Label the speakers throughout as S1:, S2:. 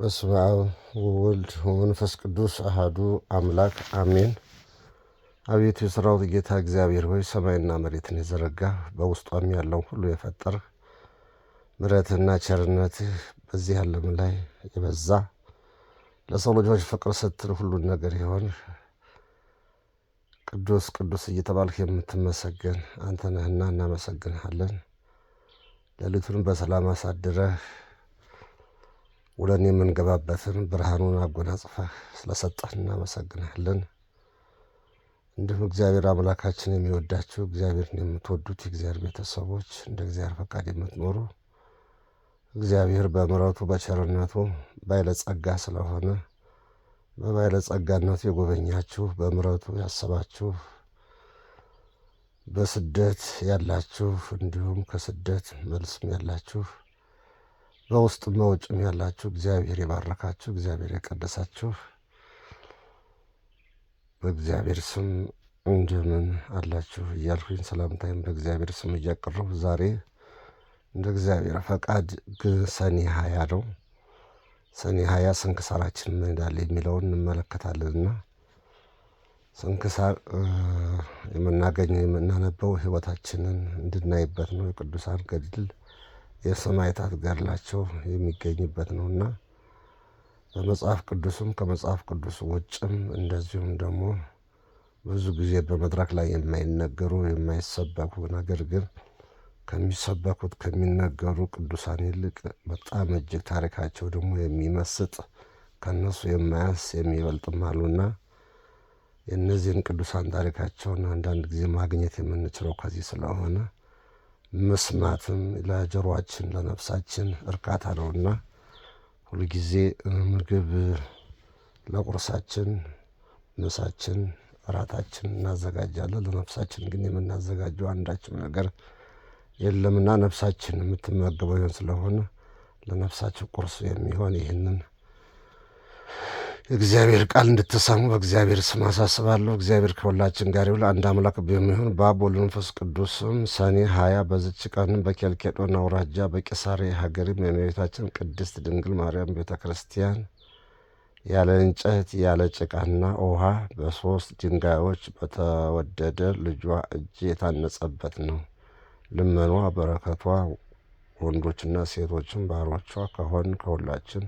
S1: በስመ አብ ወወልድ ወመንፈስ ቅዱስ አህዱ አምላክ አሜን። አቤቱ የሠራዊት ጌታ እግዚአብሔር ሆይ ሰማይና መሬትን የዘረጋ በውስጧም ያለውን ሁሉ የፈጠር ምረትና ቸርነትህ በዚህ ዓለም ላይ የበዛ ለሰው ልጆች ፍቅር ስትል ሁሉን ነገር ይሆን ቅዱስ ቅዱስ እየተባልክ የምትመሰገን አንተ ነህና እናመሰግንሃለን። ሌሊቱን በሰላም አሳድረህ ውለን የምንገባበትን ብርሃኑን አጎናጽፈህ ስለሰጠህ እናመሰግናለን። እንዲሁም እግዚአብሔር አምላካችን የሚወዳችሁ እግዚአብሔርን የምትወዱት የእግዚአብሔር ቤተሰቦች እንደ እግዚአብሔር ፈቃድ የምትኖሩ እግዚአብሔር በምረቱ በቸርነቱ ባለጸጋ ስለሆነ በባለጸጋነቱ የጎበኛችሁ በምረቱ ያሰባችሁ በስደት ያላችሁ እንዲሁም ከስደት መልስም ያላችሁ በውስጡም በውጭም ያላችሁ እግዚአብሔር የባረካችሁ እግዚአብሔር የቀደሳችሁ በእግዚአብሔር ስም እንደምን አላችሁ እያልኩኝ ሰላምታይም በእግዚአብሔር ስም እያቀረቡ ዛሬ እንደ እግዚአብሔር ፈቃድ ሰኔ ሀያ ነው። ሰኔ ሀያ ስንክሳራችን ምን እንዳለ የሚለውን እንመለከታለንና ስንክሳር የምናገኘው የምናነበው ህይወታችንን እንድናይበት ነው። የቅዱሳን ገድል የሰማዕታት ገድላቸው የሚገኝበት ነውና በመጽሐፍ ቅዱስም ከመጽሐፍ ቅዱስ ውጭም እንደዚሁም ደግሞ ብዙ ጊዜ በመድረክ ላይ የማይነገሩ የማይሰበኩ ነገር ግን ከሚሰበኩት ከሚነገሩ ቅዱሳን ይልቅ በጣም እጅግ ታሪካቸው ደግሞ የሚመስጥ ከእነሱ የማያንስ የሚበልጥም አሉና የእነዚህን ቅዱሳን ታሪካቸውን አንዳንድ ጊዜ ማግኘት የምንችለው ከዚህ ስለሆነ መስማትም ለጆሮአችን ለነፍሳችን እርካታ ነውና ሁልጊዜ ምግብ ለቁርሳችን፣ ምሳችን፣ እራታችን እናዘጋጃለን። ለነፍሳችን ግን የምናዘጋጀው አንዳችም ነገር የለምና ነፍሳችን የምትመገበው ይሆን ስለሆነ ለነፍሳችን ቁርስ የሚሆን ይህንን የእግዚአብሔር ቃል እንድትሰሙ በእግዚአብሔር ስም አሳስባለሁ። እግዚአብሔር ከሁላችን ጋር ይውል። አንድ አምላክ በሚሆን በአብ ወልድ መንፈስ ቅዱስም ሰኔ ሀያ በዝች ቀንም በኬልቄዶን አውራጃ በቂሳሬ ሀገርም የእመቤታችን ቅድስት ድንግል ማርያም ቤተ ክርስቲያን ያለ እንጨት ያለ ጭቃና ውሃ በሶስት ድንጋዮች በተወደደ ልጇ እጅ የታነጸበት ነው። ልመኗ በረከቷ ወንዶችና ሴቶችን ባሮቿ ከሆን ከሁላችን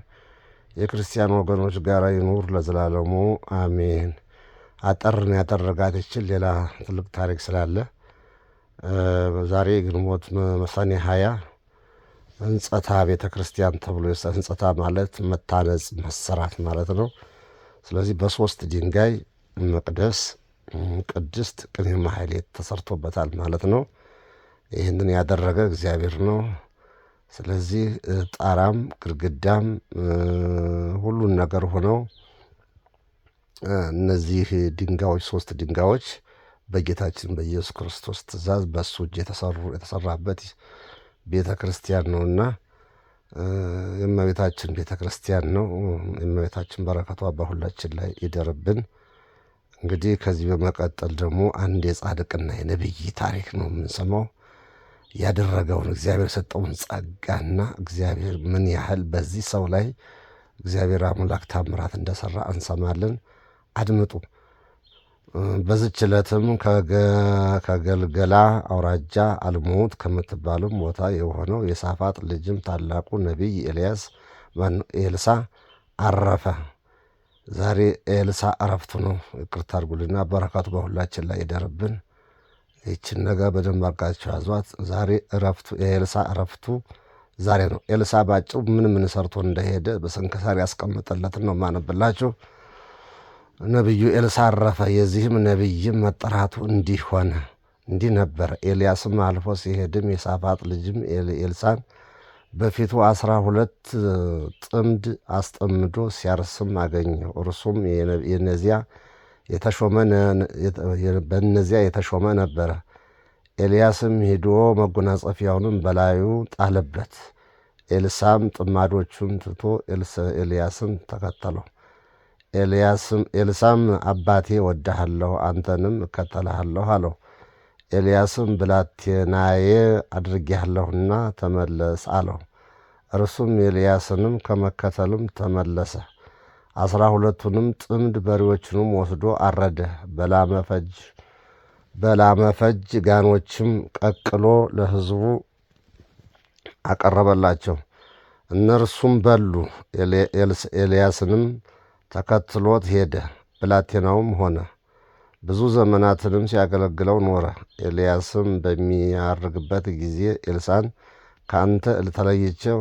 S1: የክርስቲያን ወገኖች ጋር ይኑር ለዘላለሙ አሜን። አጠርን ያደረጋትችል ሌላ ትልቅ ታሪክ ስላለ ዛሬ ግንቦት ሰኔ ሀያ ህንጸታ ቤተ ክርስቲያን ተብሎ ህንጸታ ማለት መታነጽ መሰራት ማለት ነው። ስለዚህ በሶስት ድንጋይ መቅደስ፣ ቅድስት፣ ቅኔ ማህሌት ተሰርቶበታል ማለት ነው። ይህንን ያደረገ እግዚአብሔር ነው። ስለዚህ ጣራም ግድግዳም ሁሉን ነገር ሆነው እነዚህ ድንጋዮች ሶስት ድንጋዮች በጌታችን በኢየሱስ ክርስቶስ ትእዛዝ በእሱ እጅ የተሰራበት ቤተ ክርስቲያን ነውና የእመቤታችን ቤተ ክርስቲያን ነው። የእመቤታችን በረከቷ በሁላችን ላይ ይደርብን። እንግዲህ ከዚህ በመቀጠል ደግሞ አንድ የጻድቅና የነብይ ታሪክ ነው የምንሰማው። ያደረገውን እግዚአብሔር የሰጠውን ጸጋና እግዚአብሔር ምን ያህል በዚህ ሰው ላይ እግዚአብሔር አምላክ ታምራት እንደሰራ እንሰማለን። አድምጡ። በዚች ዕለትም ከገልገላ አውራጃ አልሞት ከምትባሉም ቦታ የሆነው የሳፋጥ ልጅም ታላቁ ነቢይ ኤልያስ ኤልሳ አረፈ። ዛሬ ኤልሳ እረፍቱ ነው። ይቅርታ አድርጉልና በረከቱ በሁላችን ላይ ይደርብን። ይችን ነገር በደንብ አርጋቸው ያዟት። ዛሬ እረፍቱ የኤልሳ እረፍቱ ዛሬ ነው። ኤልሳ ባጭው ምን ምን ሰርቶ እንደሄደ በሰንከሳሪ ያስቀመጠለትን ነው ማነብላችሁ። ነቢዩ ኤልሳ አረፈ። የዚህም ነቢይም መጠራቱ እንዲህ ሆነ፣ እንዲህ ነበረ። ኤልያስም አልፎ ሲሄድም የሳፋጥ ልጅም ኤልሳን በፊቱ አስራ ሁለት ጥምድ አስጠምዶ ሲያርስም አገኘው። እርሱም የነዚያ የተሾመ በእነዚያ የተሾመ ነበረ። ኤልያስም ሂዶ መጎናጸፊያውንም በላዩ ጣለበት። ኤልሳም ጥማዶቹን ትቶ ኤልያስን ተከተለው። ኤልሳም አባቴ ወድሃለሁ፣ አንተንም እከተልሃለሁ አለው። ኤልያስም ብላቴናዬ አድርጌሃለሁና ተመለስ አለው። እርሱም ኤልያስንም ከመከተልም ተመለሰ። አስራ ሁለቱንም ጥምድ በሬዎቹንም ወስዶ አረደ። በላመፈጅ ጋኖችም ቀቅሎ ለሕዝቡ አቀረበላቸው። እነርሱም በሉ። ኤልያስንም ተከትሎት ሄደ። ብላቴናውም ሆነ። ብዙ ዘመናትንም ሲያገለግለው ኖረ። ኤልያስም በሚያርግበት ጊዜ ኤልሳን ከአንተ ልተለይቸው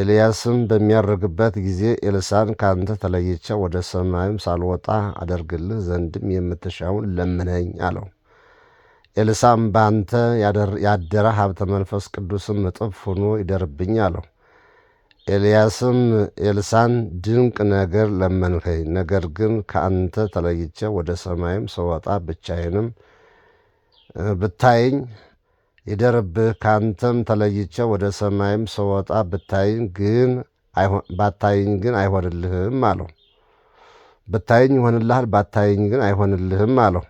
S1: ኤልያስም በሚያርግበት ጊዜ ኤልሳን ካንተ ተለይቼ ወደ ሰማይም ሳልወጣ አደርግልህ ዘንድም የምትሻውን ለምነኝ አለው። ኤልሳም በአንተ ያደረ ሀብተ መንፈስ ቅዱስም እጥፍ ሆኖ ይደርብኝ አለው። ኤልያስም ኤልሳን ድንቅ ነገር ለመንኸኝ፣ ነገር ግን ከአንተ ተለይቼ ወደ ሰማይም ስወጣ ብቻዬንም ብታየኝ ይደርብህ ካንተም ተለይቼ ወደ ሰማይም ስወጣ ብታይኝ ግን ባታይኝ ግን አይሆንልህም አለው። ብታይኝ ይሆንልሃል፣ ባታይኝ ግን አይሆንልህም አለው።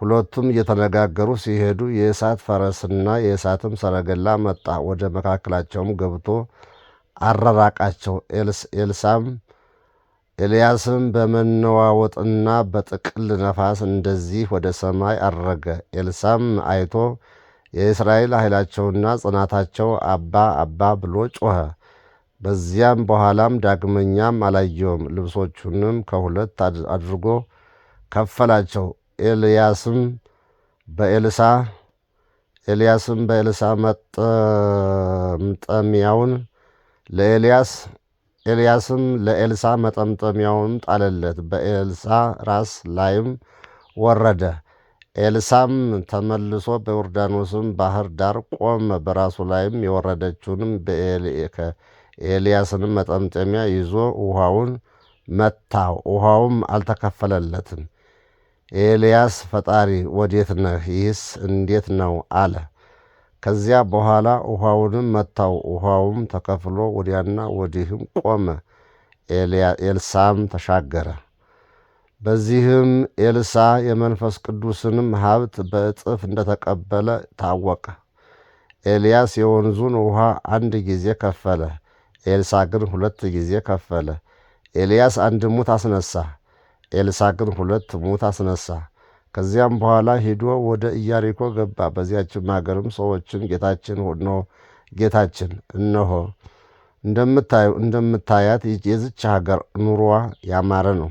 S1: ሁለቱም እየተነጋገሩ ሲሄዱ የእሳት ፈረስና የእሳትም ሰረገላ መጣ። ወደ መካከላቸውም ገብቶ አረራቃቸው። ኤልሳም ኤልያስም በመነዋወጥና በጥቅል ነፋስ እንደዚህ ወደ ሰማይ አረገ። ኤልሳም አይቶ የእስራኤል ኃይላቸውና ጽናታቸው አባ አባ ብሎ ጮኸ። በዚያም በኋላም ዳግመኛም አላየውም። ልብሶቹንም ከሁለት አድርጎ ከፈላቸው። ኤልያስም በኤልሳ ኤልያስም በኤልሳ መጠምጠሚያውን ለኤልያስ ኤልያስም ለኤልሳ መጠምጠሚያውን ጣለለት፣ በኤልሳ ራስ ላይም ወረደ። ኤልሳም ተመልሶ በዮርዳኖስም ባህር ዳር ቆመ። በራሱ ላይም የወረደችውንም የኤልያስንም መጠምጠሚያ ይዞ ውሃውን መታው፣ ውሃውም አልተከፈለለትም። ኤልያስ ፈጣሪ ወዴት ነህ? ይህስ እንዴት ነው? አለ። ከዚያ በኋላ ውሃውንም መታው፣ ውሃውም ተከፍሎ ወዲያና ወዲህም ቆመ። ኤልሳም ተሻገረ። በዚህም ኤልሳ የመንፈስ ቅዱስንም ሀብት በእጥፍ እንደተቀበለ ታወቀ። ኤልያስ የወንዙን ውሃ አንድ ጊዜ ከፈለ፣ ኤልሳ ግን ሁለት ጊዜ ከፈለ። ኤልያስ አንድ ሙት አስነሳ፣ ኤልሳ ግን ሁለት ሙት አስነሳ። ከዚያም በኋላ ሂዶ ወደ ኢያሪኮ ገባ። በዚያችም አገርም ሰዎችን ጌታችን ሆኖ ጌታችን እነሆ እንደምታያት የዝች ሀገር ኑሮዋ ያማረ ነው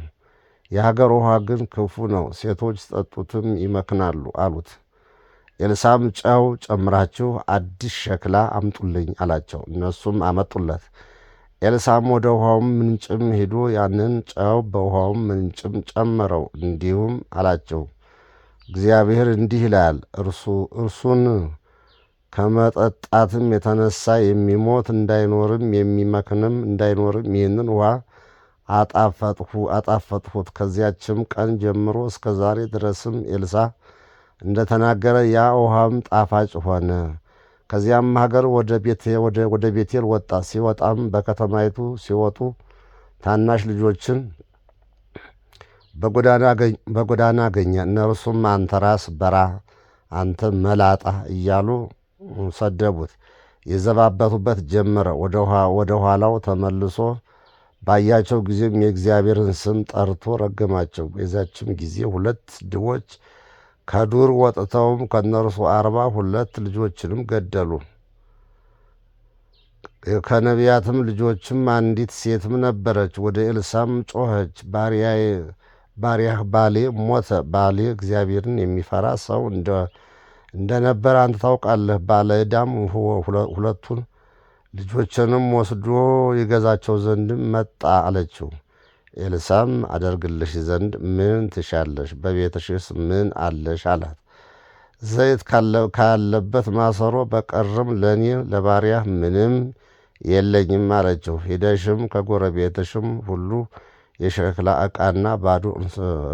S1: የሀገር ውሃ ግን ክፉ ነው፣ ሴቶች ጠጡትም ይመክናሉ አሉት። ኤልሳም ጨው ጨምራችሁ አዲስ ሸክላ አምጡልኝ አላቸው። እነሱም አመጡለት። ኤልሳም ወደ ውሃውም ምንጭም ሄዶ ያንን ጨው በውሃውም ምንጭም ጨመረው። እንዲሁም አላቸው፣ እግዚአብሔር እንዲህ ይላል፣ እርሱን ከመጠጣትም የተነሳ የሚሞት እንዳይኖርም የሚመክንም እንዳይኖርም ይህንን ውሃ አጣፈጥሁ አጣፈጥሁት። ከዚያችም ቀን ጀምሮ እስከ ዛሬ ድረስም ኤልሳ እንደ ተናገረ ያ ውሃም ጣፋጭ ሆነ። ከዚያም ሀገር ወደ ቤቴል ወጣ። ሲወጣም በከተማይቱ ሲወጡ ታናሽ ልጆችን በጎዳና አገኘ። እነርሱም አንተ ራስ በራ፣ አንተ መላጣ እያሉ ሰደቡት። የዘባበቱበት ጀመረ። ወደ ኋላው ተመልሶ ባያቸው ጊዜም የእግዚአብሔርን ስም ጠርቶ ረገማቸው። በዛችም ጊዜ ሁለት ድቦች ከዱር ወጥተውም ከነርሱ አርባ ሁለት ልጆችንም ገደሉ። ከነቢያትም ልጆችም አንዲት ሴትም ነበረች። ወደ ኤልሳም ጮኸች፣ ባሪያህ ባሌ ሞተ። ባሌ እግዚአብሔርን የሚፈራ ሰው እንደነበረ አንተ ታውቃለህ። ባለ ዕዳም ሁለቱን ልጆችንም ወስዶ ይገዛቸው ዘንድም መጣ አለችው። ኤልሳም አደርግልሽ ዘንድ ምን ትሻለሽ? በቤትሽስ ምን አለሽ? አላት። ዘይት ካለበት ማሰሮ በቀርም ለእኔ ለባሪያ ምንም የለኝም አለችው። ሂደሽም ከጎረቤትሽም ሁሉ የሸክላ ዕቃና ባዶ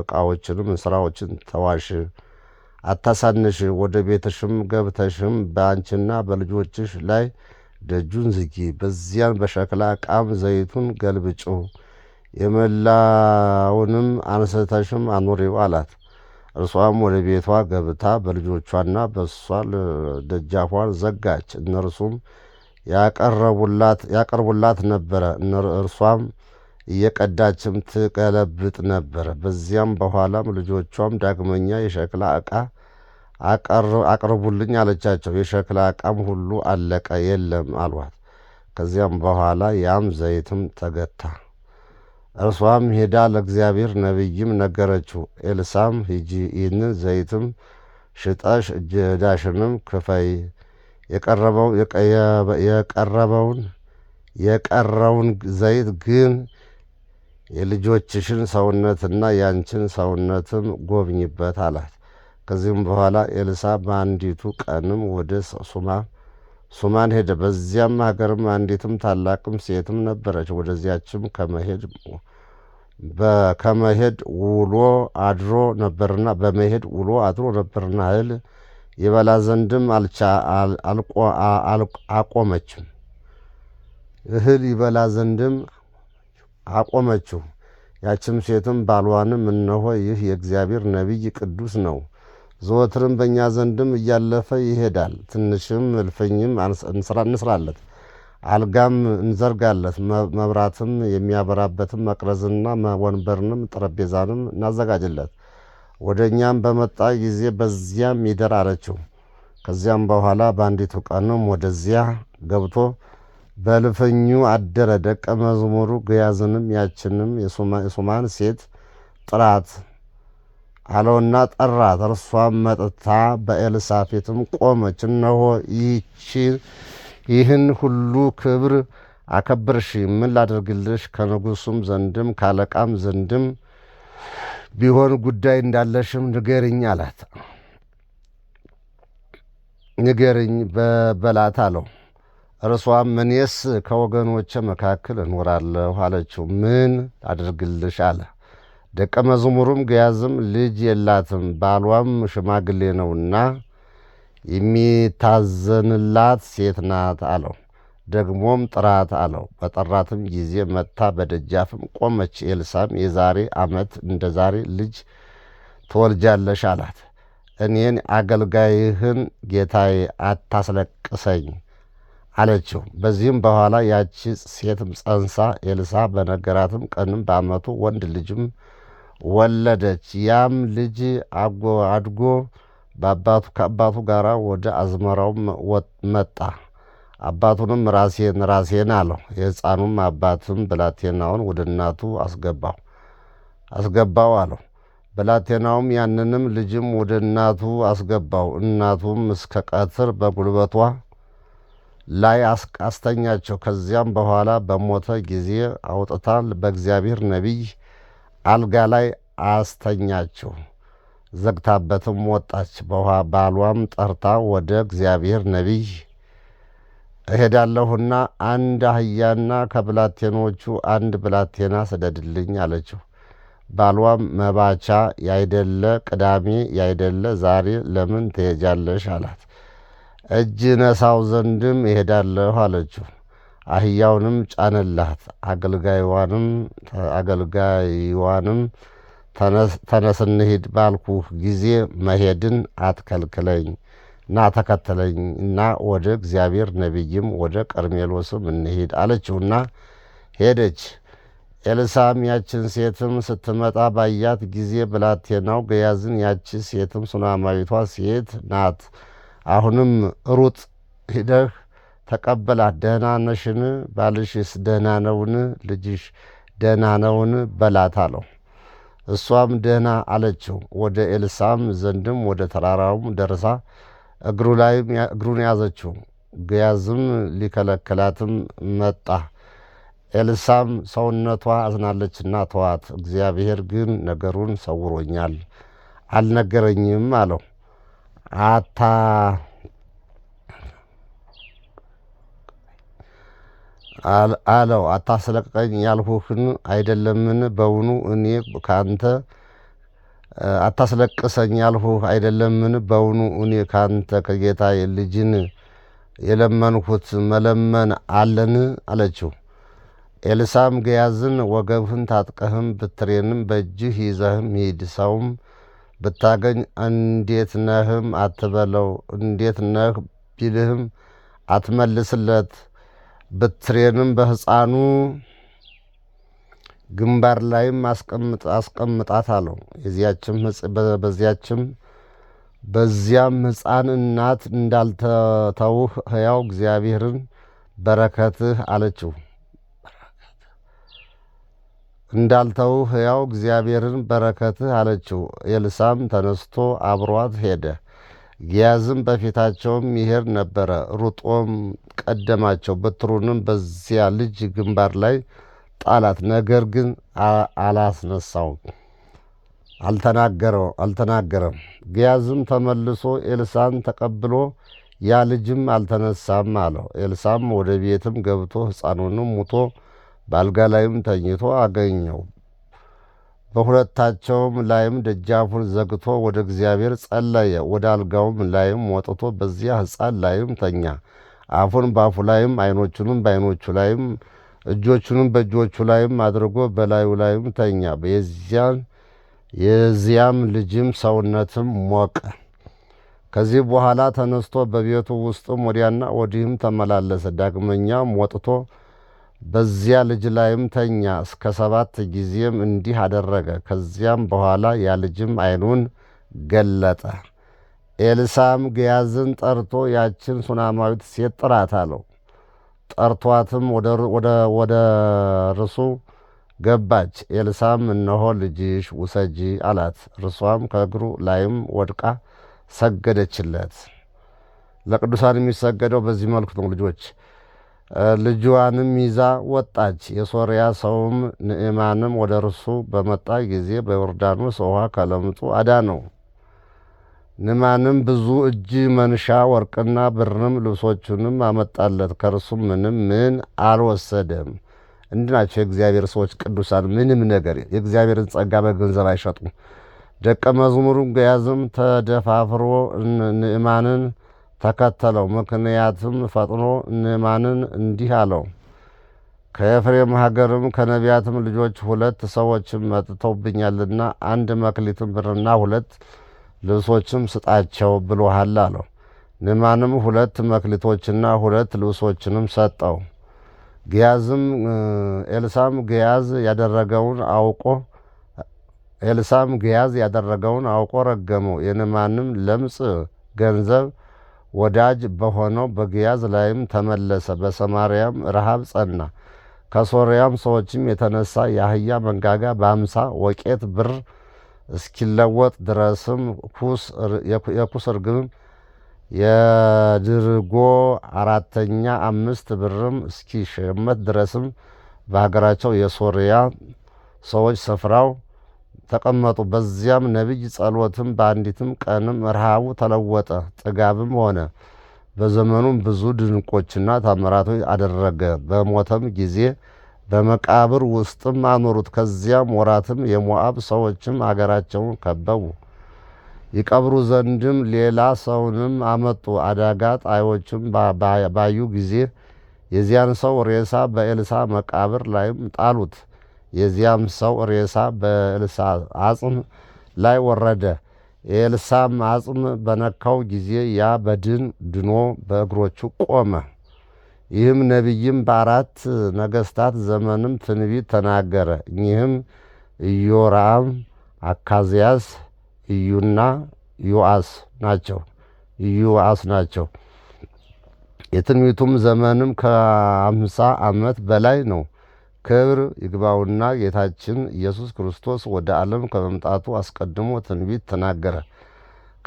S1: ዕቃዎችንም እንስራዎችን ተዋሽ፣ አታሳንሽ። ወደ ቤትሽም ገብተሽም በአንቺና በልጆችሽ ላይ ደጁን ዝጊ። በዚያን በሸክላ ዕቃም ዘይቱን ገልብጩ፣ የመላውንም አንሰተሽም አኑሪው አላት። እርሷም ወደ ቤቷ ገብታ በልጆቿና በእሷ ደጃፏን ዘጋች። እነርሱም ያቀርቡላት ነበረ። እርሷም እየቀዳችም ትቀለብጥ ነበረ። በዚያም በኋላም ልጆቿም ዳግመኛ የሸክላ ዕቃ አቅርቡልኝ አለቻቸው። የሸክላ ዕቃም ሁሉ አለቀ የለም አሏት። ከዚያም በኋላ ያም ዘይትም ተገታ። እርሷም ሄዳ ለእግዚአብሔር ነቢይም ነገረችው። ኤልሳም ሂጂ ይህንን ዘይትም ሽጠሽ እጅዳሽንም ክፈይ የቀረበውን የቀረውን ዘይት ግን የልጆችሽን ሰውነትና ያንችን ሰውነትም ጎብኝበት አላት። ከዚህም በኋላ ኤልሳ በአንዲቱ ቀንም ወደ ሱማ ሱማን ሄደ። በዚያም ሀገርም አንዲትም ታላቅም ሴትም ነበረች። ወደዚያችም ከመሄድ ከመሄድ ውሎ አድሮ ነበርና በመሄድ ውሎ አድሮ ነበርና እህል የበላ ዘንድም አቆመችም እህል ይበላ ዘንድም አቆመችው። ያችም ሴትም ባልዋንም እነሆ ይህ የእግዚአብሔር ነቢይ ቅዱስ ነው ዘወትርም በእኛ ዘንድም እያለፈ ይሄዳል። ትንሽም እልፍኝም እንስራለት፣ አልጋም እንዘርጋለት፣ መብራትም የሚያበራበትም መቅረዝና ወንበርንም ጠረጴዛንም እናዘጋጅለት። ወደ እኛም በመጣ ጊዜ በዚያም ይደር አለችው። ከዚያም በኋላ በአንዲቱ ቀንም ወደዚያ ገብቶ በልፍኙ አደረ። ደቀ መዝሙሩ ግያዝንም ያችንም የሱማን ሴት ጥራት አለውና ጠራት። እርሷም መጥታ በኤልሳ ፊትም ቆመች። እነሆ ይህቺ ይህን ሁሉ ክብር አከብርሽ፣ ምን ላደርግልሽ? ከንጉሱም ዘንድም ካለቃም ዘንድም ቢሆን ጉዳይ እንዳለሽም ንገርኝ አላት። ንገርኝ በበላት አለው። እርሷም እኔስ ከወገኖቼ መካከል እኖራለሁ አለችው። ምን አድርግልሽ አለ። ደቀ መዝሙሩም ግያዝም ልጅ የላትም ባሏም ሽማግሌ ነውና የሚታዘንላት ሴት ናት አለው። ደግሞም ጥራት አለው። በጠራትም ጊዜ መጥታ በደጃፍም ቆመች። ኤልሳም የዛሬ ዓመት እንደ ዛሬ ልጅ ትወልጃለሽ አላት። እኔን አገልጋይህን ጌታዬ አታስለቅሰኝ አለችው። በዚህም በኋላ ያቺ ሴትም ጸንሳ ኤልሳ በነገራትም ቀንም በዓመቱ ወንድ ልጅም ወለደች። ያም ልጅ አድጎ በአባቱ ከአባቱ ጋር ወደ አዝመራው መጣ። አባቱንም ራሴን ራሴን አለው። የሕፃኑም አባትም ብላቴናውን ወደ እናቱ አስገባው አስገባው አለው። ብላቴናውም ያንንም ልጅም ወደ እናቱ አስገባው። እናቱም እስከ ቀትር በጉልበቷ ላይ አስተኛቸው። ከዚያም በኋላ በሞተ ጊዜ አውጥታ በእግዚአብሔር ነቢይ አልጋ ላይ አስተኛችው። ዘግታበትም ወጣች። በውሃ ባሏም ጠርታ ወደ እግዚአብሔር ነቢይ እሄዳለሁና አንድ አህያና ከብላቴኖቹ አንድ ብላቴና ስደድልኝ አለችው። ባሏም መባቻ ያይደለ ቅዳሜ ያይደለ ዛሬ ለምን ትሄጃለሽ? አላት። እጅ ነሳው ዘንድም እሄዳለሁ አለችው። አህያውንም ጫነላት። አገልጋይዋንም አገልጋይዋንም ተነስ እንሂድ ባልኩህ ጊዜ መሄድን አትከልክለኝ ና ተከተለኝ እና ወደ እግዚአብሔር ነቢይም ወደ ቀርሜሎስም እንሂድ አለችውና ሄደች። ኤልሳም ያችን ሴትም ስትመጣ ባያት ጊዜ ብላቴናው ገያዝን፣ ያች ሴትም ሱናማዊቷ ሴት ናት፣ አሁንም ሩጥ ሂደህ ተቀበላት። ደህና ነሽን? ባልሽስ ደህና ነውን? ልጅሽ ደህና ነውን? በላት አለው። እሷም ደህና አለችው። ወደ ኤልሳም ዘንድም ወደ ተራራውም ደርሳ እግሩ ላይም እግሩን ያዘችው። ግያዝም ሊከለከላትም መጣ። ኤልሳም ሰውነቷ አዝናለችና ተዋት፣ እግዚአብሔር ግን ነገሩን ሰውሮኛል አልነገረኝም አለው አታ አለው አታስለቅቀኝ ያልሁህን አይደለምን በውኑ እኔ ካንተ አታስለቅሰኝ ያልሁህ አይደለምን በውኑ እኔ ካንተ ከጌታ ልጅን የለመንሁት መለመን አለን አለችው ኤልሳም ገያዝን ወገብህን ታጥቀህም ብትሬንም በእጅህ ይዘህም ሂድ ሰውም ብታገኝ እንዴት ነህም አትበለው እንዴት ነህ ቢልህም አትመልስለት በትሬንም በህፃኑ ግንባር ላይም አስቀምጣት አለው። በዚያችም በዚያም ህፃን እናት እንዳልተተውህ ሕያው እግዚአብሔርን በረከትህ አለችው። እንዳልተውህ ሕያው እግዚአብሔርን በረከትህ አለችው። ኤልሳም ተነስቶ አብሯት ሄደ። ግያዝም በፊታቸውም ይሄድ ነበረ። ሩጦም ቀደማቸው፣ በትሩንም በዚያ ልጅ ግንባር ላይ ጣላት። ነገር ግን አላስነሳውም፣ አልተናገረም። ግያዝም ተመልሶ ኤልሳን ተቀብሎ ያ ልጅም አልተነሳም አለው። ኤልሳም ወደ ቤትም ገብቶ ሕፃኑንም ሙቶ በአልጋ ላይም ተኝቶ አገኘው። በሁለታቸውም ላይም ደጃፉን ዘግቶ ወደ እግዚአብሔር ጸለየ። ወደ አልጋውም ላይም ወጥቶ በዚያ ሕፃን ላይም ተኛ። አፉን በአፉ ላይም ዓይኖቹንም በዓይኖቹ ላይም እጆቹንም በእጆቹ ላይም አድርጎ በላዩ ላይም ተኛ። የዚያን የዚያም ልጅም ሰውነትም ሞቀ። ከዚህ በኋላ ተነስቶ በቤቱ ውስጥም ወዲያና ወዲህም ተመላለሰ። ዳግመኛም ወጥቶ በዚያ ልጅ ላይም ተኛ እስከ ሰባት ጊዜም እንዲህ አደረገ። ከዚያም በኋላ ያ ልጅም ዓይኑን ገለጠ። ኤልሳም ግያዝን ጠርቶ ያችን ሱናማዊት ሴት ጥራት አለው። ጠርቷትም ወደ ርሱ ገባች። ኤልሳም እነሆ ልጅሽ ውሰጂ አላት። እርሷም ከእግሩ ላይም ወድቃ ሰገደችለት። ለቅዱሳን የሚሰገደው በዚህ መልኩ ነው። ልጆች ልጅዋንም ይዛ ወጣች። የሶርያ ሰውም ንዕማንም ወደ እርሱ በመጣ ጊዜ በዮርዳኖስ ውሃ ከለምጹ ነው። ንዕማንም ብዙ እጅ መንሻ ወርቅና ብርንም ልብሶቹንም አመጣለት። ከእርሱም ምንም ምን አልወሰደም። እንዲህ ናቸው የእግዚአብሔር ሰዎች ቅዱሳን፣ ምንም ነገር የእግዚአብሔርን ጸጋ በገንዘብ አይሸጡም። ደቀ መዝሙሩ ገያዝም ተደፋፍሮ ንዕማንን ተከተለው። ምክንያትም ፈጥኖ ንዕማንን እንዲህ አለው፣ ከኤፍሬም ሀገርም ከነቢያትም ልጆች ሁለት ሰዎችም መጥተውብኛልና አንድ መክሊትም ብርና ሁለት ልብሶችም ስጣቸው ብሎሃል አለው። ንዕማንም ሁለት መክሊቶችና ሁለት ልብሶችንም ሰጠው። ግያዝም ኤልሳም ግያዝ ያደረገውን አውቆ ኤልሳም ግያዝ ያደረገውን አውቆ ረገመው። የንዕማንም ለምጽ ገንዘብ ወዳጅ በሆነው በግያዝ ላይም ተመለሰ። በሰማርያም ረሃብ ጸና። ከሶርያም ሰዎችም የተነሳ የአህያ መንጋጋ በአምሳ ወቄት ብር እስኪለወጥ ድረስም የኩስ እርግም የድርጎ አራተኛ አምስት ብርም እስኪሸመት ድረስም በሀገራቸው የሶርያ ሰዎች ስፍራው ተቀመጡ። በዚያም ነቢይ ጸሎትም በአንዲትም ቀንም ረሃቡ ተለወጠ፣ ጥጋብም ሆነ። በዘመኑም ብዙ ድንቆችና ታምራቶች አደረገ። በሞተም ጊዜ በመቃብር ውስጥም አኖሩት። ከዚያም ወራትም የሞዓብ ሰዎችም አገራቸውን ከበቡ። ይቀብሩ ዘንድም ሌላ ሰውንም አመጡ። አዳጋ ጣዮችም ባዩ ጊዜ የዚያን ሰው ሬሳ በኤልሳ መቃብር ላይም ጣሉት። የዚያም ሰው ሬሳ በኤልሳ አጽም ላይ ወረደ። የኤልሳም አጽም በነካው ጊዜ ያ በድን ድኖ በእግሮቹ ቆመ። ይህም ነቢይም በአራት ነገሥታት ዘመንም ትንቢት ተናገረ። እኚህም ኢዮራም፣ አካዝያስ፣ እዩና ዩአስ ናቸው ዩአስ ናቸው። የትንቢቱም ዘመንም ከአምሳ ዓመት በላይ ነው። ክብር ይግባውና ጌታችን ኢየሱስ ክርስቶስ ወደ ዓለም ከመምጣቱ አስቀድሞ ትንቢት ተናገረ።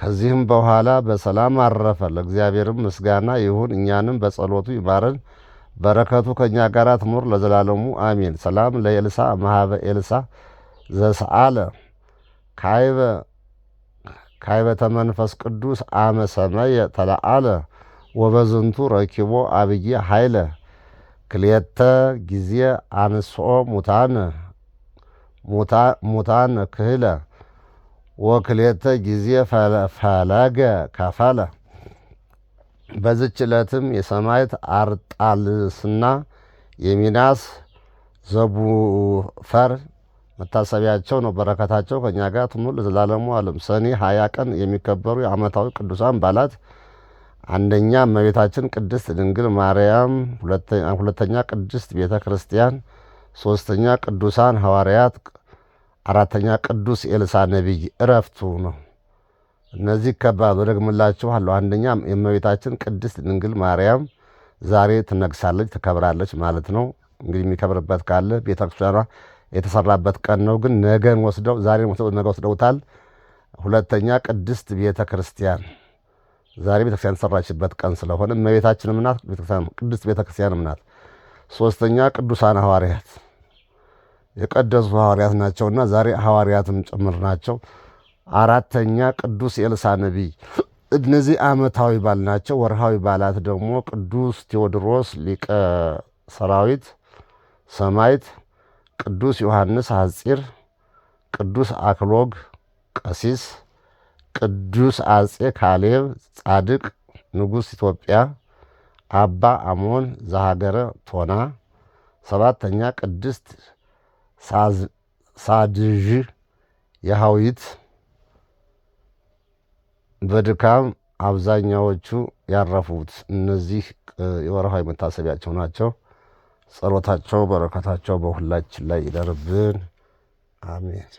S1: ከዚህም በኋላ በሰላም አረፈ። ለእግዚአብሔርም ምስጋና ይሁን፣ እኛንም በጸሎቱ ይማረን፣ በረከቱ ከእኛ ጋር ትኑር ለዘላለሙ አሜን። ሰላም ለኤልሳ መሃበ ኤልሳ ዘሰአለ ካይበ ካይበተ መንፈስ ቅዱስ አመ ሰመየ ተለአለ ወበዝንቱ ረኪቦ አብዬ ኃይለ ክልኤተ ጊዜ አንስኦ ሙታነ ክህለ ወክልኤተ ጊዜ ፈለገ ከፈለ። በዝች ዕለትም የሰማዕት አርጣልስና የሚናስ ዘቡፈር መታሰቢያቸው ነው። በረከታቸው ከእኛ ጋር ትኑር ለዘላለሙ ዓለም። ሰኔ ሀያ ቀን የሚከበሩ የዓመታዊ ቅዱሳን በዓላት አንደኛ እመቤታችን ቅድስት ድንግል ማርያም፣ ሁለተኛ ቅድስት ቤተ ክርስቲያን፣ ሦስተኛ ቅዱሳን ሐዋርያት፣ አራተኛ ቅዱስ ኤልሳ ነቢይ እረፍቱ ነው። እነዚህ ከባድ እደግምላችኋለሁ። አንደኛ የእመቤታችን ቅድስት ድንግል ማርያም ዛሬ ትነግሳለች፣ ትከብራለች ማለት ነው። እንግዲህ የሚከብርበት ካለ ቤተ ክርስቲያኗ የተሰራበት ቀን ነው። ግን ነገን ወስደው ዛሬን ወስደው ነገ ወስደውታል። ሁለተኛ ቅድስት ቤተ ክርስቲያን ዛሬ ቤተክርስቲያን የተሰራችበት ቀን ስለሆነ እመቤታችንም ናት፣ ቅድስት ቤተክርስቲያንም ናት። ሶስተኛ ቅዱሳን ሐዋርያት የቀደሱ ሐዋርያት ናቸውና ዛሬ ሐዋርያትም ጭምር ናቸው። አራተኛ ቅዱስ ኤልሳ ነቢይ። እነዚህ ዓመታዊ ባል ናቸው። ወርሃዊ ባላት ደግሞ ቅዱስ ቴዎድሮስ ሊቀ ሰራዊት ሰማይት፣ ቅዱስ ዮሐንስ ሐፂር፣ ቅዱስ አክሎግ ቀሲስ ቅዱስ አጼ ካሌብ ጻድቅ ንጉሥ ኢትዮጵያ አባ አሞን ዘሀገረ ቶና ሰባተኛ ቅድስት ሳድዥ የሐዊት በድካም አብዛኛዎቹ ያረፉት እነዚህ የወርሃዊ መታሰቢያቸው ናቸው። ጸሎታቸው በረከታቸው በሁላችን ላይ ይደርብን፣ አሜን።